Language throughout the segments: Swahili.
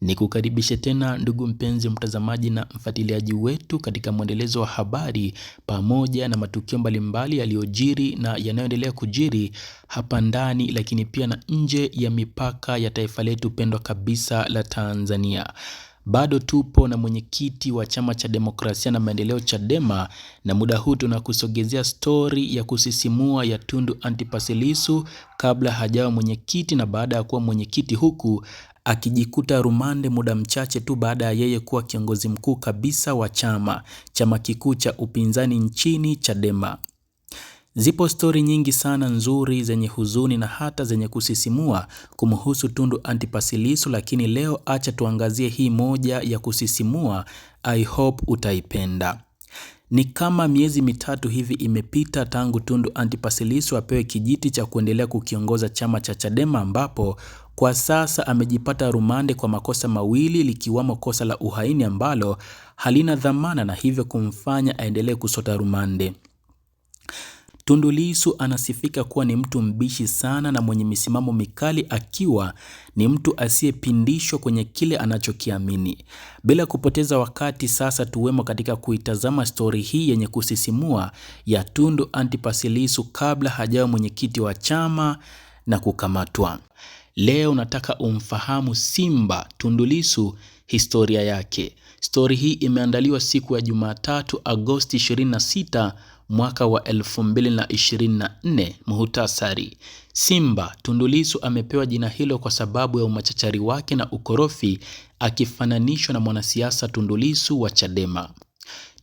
Ni kukaribishe tena ndugu mpenzi mtazamaji na mfuatiliaji wetu katika mwendelezo wa habari pamoja na matukio mbalimbali yaliyojiri na yanayoendelea kujiri hapa ndani, lakini pia na nje ya mipaka ya taifa letu pendwa kabisa la Tanzania. Bado tupo na mwenyekiti wa chama cha demokrasia na maendeleo Chadema, na muda huu tunakusogezea stori ya kusisimua ya Tundu Antipas Lissu kabla hajawa mwenyekiti na baada ya kuwa mwenyekiti, huku akijikuta rumande muda mchache tu baada ya yeye kuwa kiongozi mkuu kabisa wa chama chama kikuu cha upinzani nchini Chadema. Zipo stori nyingi sana nzuri zenye huzuni na hata zenye kusisimua kumhusu Tundu Antipas Lissu, lakini leo acha tuangazie hii moja ya kusisimua. I hope utaipenda. Ni kama miezi mitatu hivi imepita tangu Tundu Antipas Lissu apewe kijiti cha kuendelea kukiongoza chama cha Chadema ambapo kwa sasa amejipata rumande kwa makosa mawili likiwamo kosa la uhaini ambalo halina dhamana na hivyo kumfanya aendelee kusota rumande. Tundu Lissu anasifika kuwa ni mtu mbishi sana na mwenye misimamo mikali, akiwa ni mtu asiyepindishwa kwenye kile anachokiamini. Bila kupoteza wakati, sasa tuwemo katika kuitazama stori hii yenye kusisimua ya Tundu Antipas Lissu kabla hajawa mwenyekiti wa chama na kukamatwa. Leo nataka umfahamu Simba Tundu Lissu, historia yake. Stori hii imeandaliwa siku ya Jumatatu Agosti 26 mwaka wa 2024. Muhutasari: Simba Tundulisu amepewa jina hilo kwa sababu ya umachachari wake na ukorofi, akifananishwa na mwanasiasa Tundulisu wa Chadema.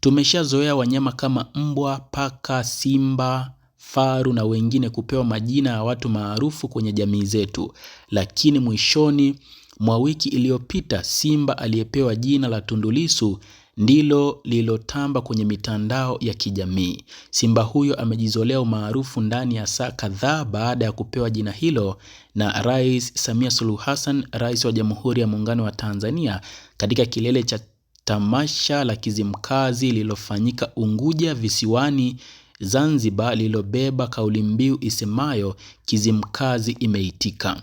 Tumeshazoea wanyama kama mbwa, paka, simba, faru na wengine kupewa majina ya watu maarufu kwenye jamii zetu, lakini mwishoni mwa wiki iliyopita Simba aliyepewa jina la Tundulisu ndilo lililotamba kwenye mitandao ya kijamii. Simba huyo amejizolea umaarufu ndani ya saa kadhaa baada ya kupewa jina hilo na Rais Samia Suluhu Hassan, Rais wa Jamhuri ya Muungano wa Tanzania katika kilele cha tamasha la Kizimkazi lililofanyika Unguja visiwani Zanzibar lililobeba kauli mbiu isemayo Kizimkazi imeitika.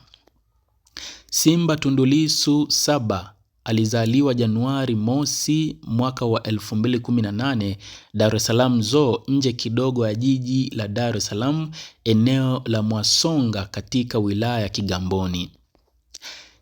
Simba tundulisu saba Alizaliwa Januari mosi mwaka wa 2018 Dar es Salaam Zoo, nje kidogo ya jiji la Dar es Salaam, eneo la Mwasonga katika wilaya ya Kigamboni.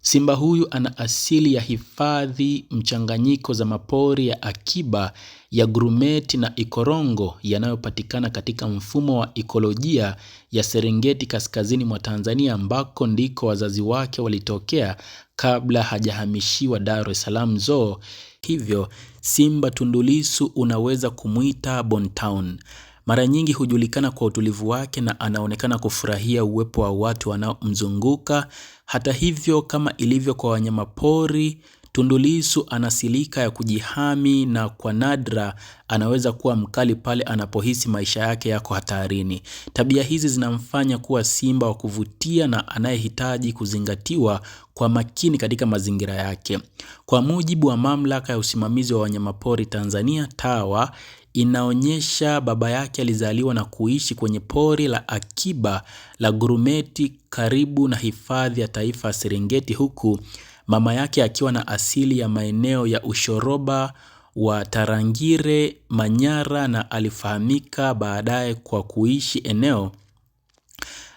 Simba huyu ana asili ya hifadhi mchanganyiko za mapori ya akiba ya grumeti na ikorongo yanayopatikana katika mfumo wa ikolojia ya Serengeti kaskazini mwa Tanzania ambako ndiko wazazi wake walitokea kabla hajahamishiwa Dar es Salaam Zoo. Hivyo simba tundulisu unaweza kumwita Bontown. Mara nyingi hujulikana kwa utulivu wake na anaonekana kufurahia uwepo wa watu wanaomzunguka. Hata hivyo, kama ilivyo kwa wanyamapori tundulisu anasilika ana silika ya kujihami na kwa nadra anaweza kuwa mkali pale anapohisi maisha yake yako hatarini. Tabia hizi zinamfanya kuwa simba wa kuvutia na anayehitaji kuzingatiwa kwa makini katika mazingira yake. Kwa mujibu wa Mamlaka ya Usimamizi wa Wanyamapori Tanzania, TAWA, inaonyesha baba yake alizaliwa na kuishi kwenye pori la akiba la Gurumeti karibu na Hifadhi ya Taifa ya Serengeti huku mama yake akiwa na asili ya maeneo ya ushoroba wa Tarangire, Manyara na alifahamika baadaye kwa kuishi eneo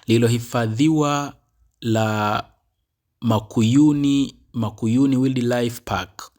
lililohifadhiwa la Makuyuni Makuyuni Wildlife Park.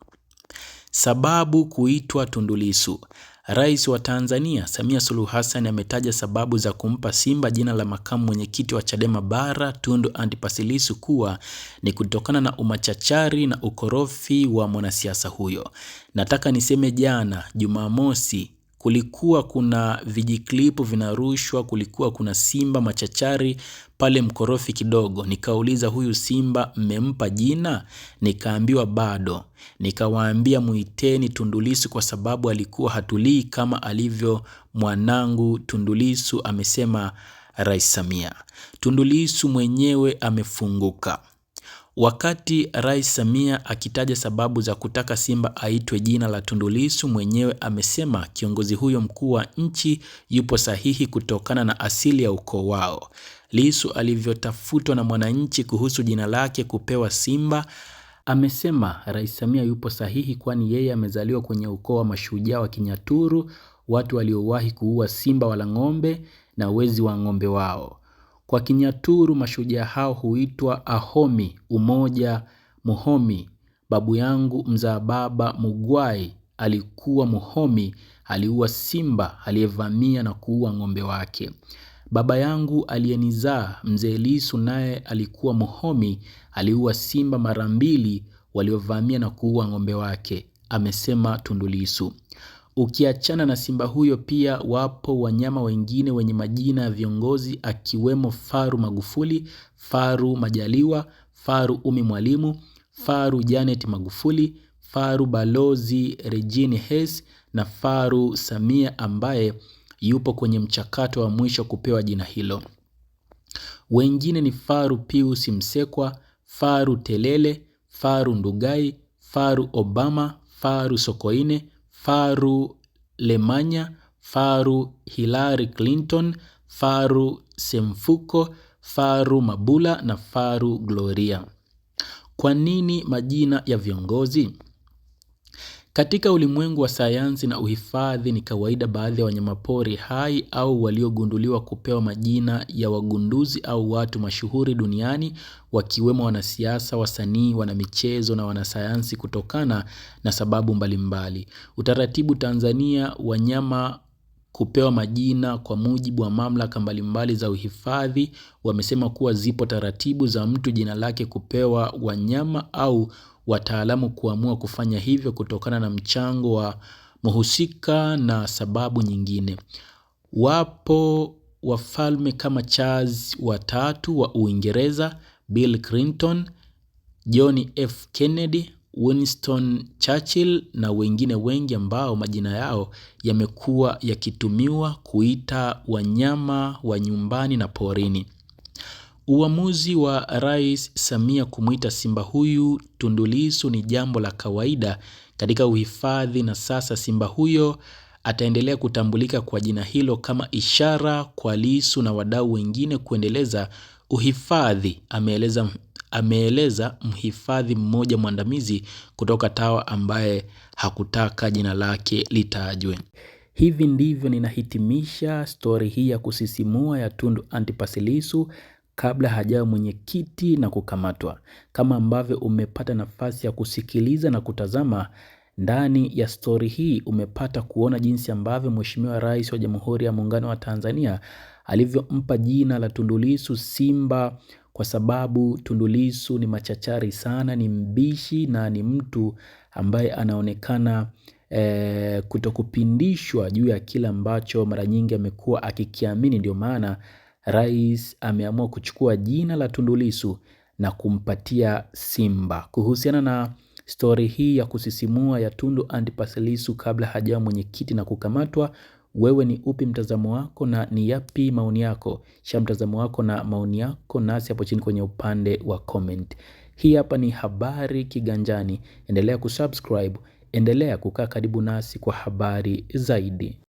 Sababu kuitwa Tundu Lissu. Rais wa Tanzania Samia Suluhu Hassan ametaja sababu za kumpa Simba jina la makamu mwenyekiti wa Chadema Bara Tundu Antipas Lissu kuwa ni kutokana na umachachari na ukorofi wa mwanasiasa huyo. Nataka niseme jana Jumamosi kulikuwa kuna vijiklipu vinarushwa, kulikuwa kuna simba machachari pale mkorofi kidogo. Nikauliza, huyu simba mmempa jina? Nikaambiwa bado. Nikawaambia muiteni Tundulisu kwa sababu alikuwa hatulii kama alivyo mwanangu Tundulisu, amesema Rais Samia. Tundulisu mwenyewe amefunguka. Wakati Rais Samia akitaja sababu za kutaka Simba aitwe jina la Tundu Lissu mwenyewe amesema kiongozi huyo mkuu wa nchi yupo sahihi kutokana na asili ya ukoo wao. Lissu alivyotafutwa na Mwananchi kuhusu jina lake kupewa Simba, amesema Rais Samia yupo sahihi kwani yeye amezaliwa kwenye ukoo wa mashujaa wa Kinyaturu, watu waliowahi kuua simba wala ng'ombe na wezi wa ng'ombe wao. Kwa Kinyaturu mashujaa hao huitwa Ahomi Umoja Muhomi babu yangu mzaa baba Mugwai alikuwa Muhomi aliua simba aliyevamia na kuua ng'ombe wake. Baba yangu aliyenizaa mzee Lisu naye alikuwa Muhomi aliua simba mara mbili waliovamia na kuua ng'ombe wake, amesema Tundu Ukiachana na simba huyo, pia wapo wanyama wengine wenye majina ya viongozi akiwemo faru Magufuli, faru Majaliwa, faru Umi Mwalimu, faru Janet Magufuli, faru Balozi Regine Hes na faru Samia ambaye yupo kwenye mchakato wa mwisho kupewa jina hilo. Wengine ni faru Pius Msekwa, faru Telele, faru Ndugai, faru Obama, faru Sokoine, Faru Lemanya, Faru Hillary Clinton, Faru Semfuko, Faru Mabula na Faru Gloria. Kwa nini majina ya viongozi? Katika ulimwengu wa sayansi na uhifadhi ni kawaida baadhi ya wanyamapori hai au waliogunduliwa kupewa majina ya wagunduzi au watu mashuhuri duniani wakiwemo wanasiasa, wasanii, wanamichezo na wanasayansi kutokana na sababu mbalimbali. Utaratibu Tanzania wanyama hupewa majina kwa mujibu wa mamlaka mbalimbali za uhifadhi. Wamesema kuwa zipo taratibu za mtu jina lake kupewa wanyama au wataalamu kuamua kufanya hivyo kutokana na mchango wa mhusika na sababu nyingine. Wapo wafalme kama Charles wa tatu wa Uingereza, Bill Clinton, John F Kennedy Winston Churchill na wengine wengi ambao majina yao yamekuwa yakitumiwa kuita wanyama wa nyumbani na porini. Uamuzi wa Rais Samia kumwita simba huyu Tundu Lissu ni jambo la kawaida katika uhifadhi na sasa simba huyo ataendelea kutambulika kwa jina hilo kama ishara kwa Lissu na wadau wengine kuendeleza uhifadhi, ameeleza ameeleza mhifadhi mmoja mwandamizi kutoka Tawa ambaye hakutaka jina lake litajwe. Hivi ndivyo ninahitimisha stori hii ya kusisimua ya Tundu Antipas Lissu kabla hajawa mwenyekiti na kukamatwa. Kama ambavyo umepata nafasi ya kusikiliza na kutazama ndani ya stori hii, umepata kuona jinsi ambavyo Mheshimiwa Rais wa Jamhuri ya Muungano wa Tanzania alivyompa jina la Tundu Lissu simba kwa sababu Tundu Lissu ni machachari sana, ni mbishi na ni mtu ambaye anaonekana e, kutokupindishwa juu ya kile ambacho mara nyingi amekuwa akikiamini. Ndio maana rais ameamua kuchukua jina la Tundu Lissu na kumpatia Simba. Kuhusiana na stori hii ya kusisimua ya Tundu Antipas Lissu kabla hajawa mwenyekiti na kukamatwa wewe ni upi mtazamo wako na ni yapi maoni yako? Shia mtazamo wako na maoni yako nasi hapo chini kwenye upande wa comment. Hii hapa ni Habari Kiganjani. Endelea kusubscribe, endelea kukaa karibu nasi kwa habari zaidi.